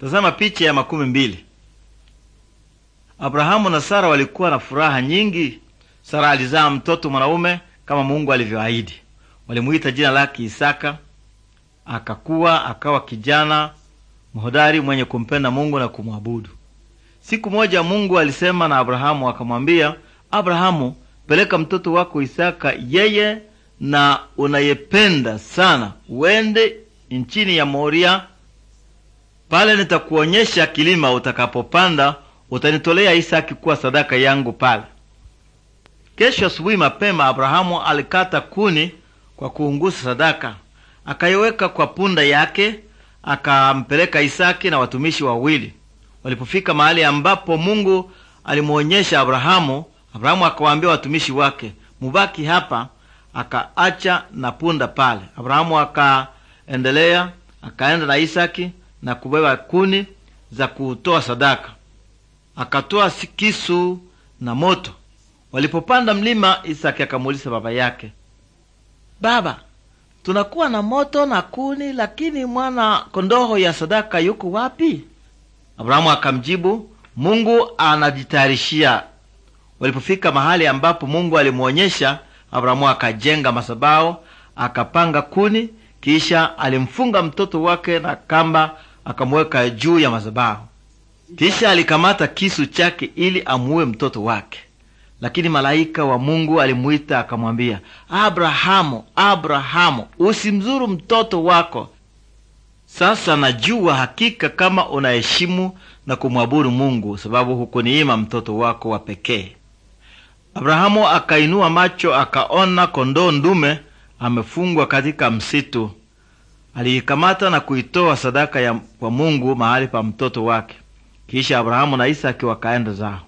Tazama picha ya makumi mbili. Abrahamu na Sara walikuwa na furaha nyingi. Sara alizaa mtoto mwanaume kama Mungu alivyoahidi. Walimuita jina lake Isaka. Akakuwa akawa kijana mhodari mwenye kumpenda Mungu na kumwabudu. Siku moja Mungu alisema na Abrahamu akamwambia, Abrahamu, peleka mtoto wako Isaka, yeye na unayependa sana, uende nchini ya Moria pale nitakuonyesha kilima utakapopanda, utanitolea Isaki kuwa sadaka yangu pale. Kesho asubuhi mapema, Abrahamu alikata kuni kwa kuungusa sadaka, akaiweka kwa punda yake, akampeleka Isaki na watumishi wawili. Walipofika mahali ambapo Mungu alimuonyesha Abrahamu, Abrahamu akawaambia watumishi wake, mubaki hapa. Akaacha na punda pale. Abrahamu akaendelea, akaenda na Isaki na kubeba kuni za kutoa sadaka. Akatoa kisu na moto. Walipopanda mlima, Isaki akamuuliza baba yake, baba, tunakuwa na moto na kuni, lakini mwana kondoho ya sadaka yuko wapi? Abrahamu akamjibu, Mungu anajitayarishia. Walipofika mahali ambapo Mungu alimwonyesha, Abrahamu akajenga masabao, akapanga kuni, kisha alimfunga mtoto wake na kamba akamuweka juu ya mazabahu. Kisha alikamata kisu chake ili amuue mtoto wake, lakini malaika wa Mungu alimuita akamwambia, Abrahamu, Abrahamu, usimzuru mtoto wako. Sasa najua hakika kama unaheshimu na kumwabudu Mungu, sababu hukuniima mtoto wako wa pekee. Abrahamu akainua macho akaona kondoo ndume amefungwa katika msitu, aliikamata na kuitoa sadaka ya kwa Mungu mahali pa mtoto wake. Kisha Abrahamu na Isaki wakaenda zao.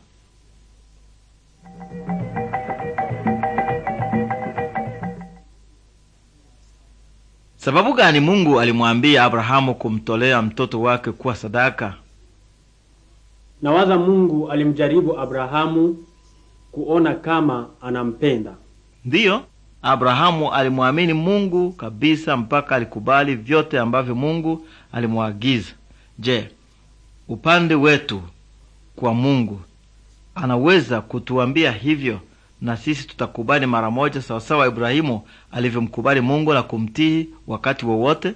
Sababu gani Mungu alimwambia Abrahamu kumtolea mtoto wake kuwa sadaka? Nawaza Mungu alimjaribu Abrahamu kuona kama anampenda. Ndiyo, Abrahamu alimwamini Mungu kabisa mpaka alikubali vyote ambavyo Mungu alimwaagiza. Je, upande wetu kwa Mungu anaweza kutuambia hivyo na sisi tutakubali mara moja, sawasawa Ibrahimu alivyomkubali Mungu na kumtii wakati wowote wa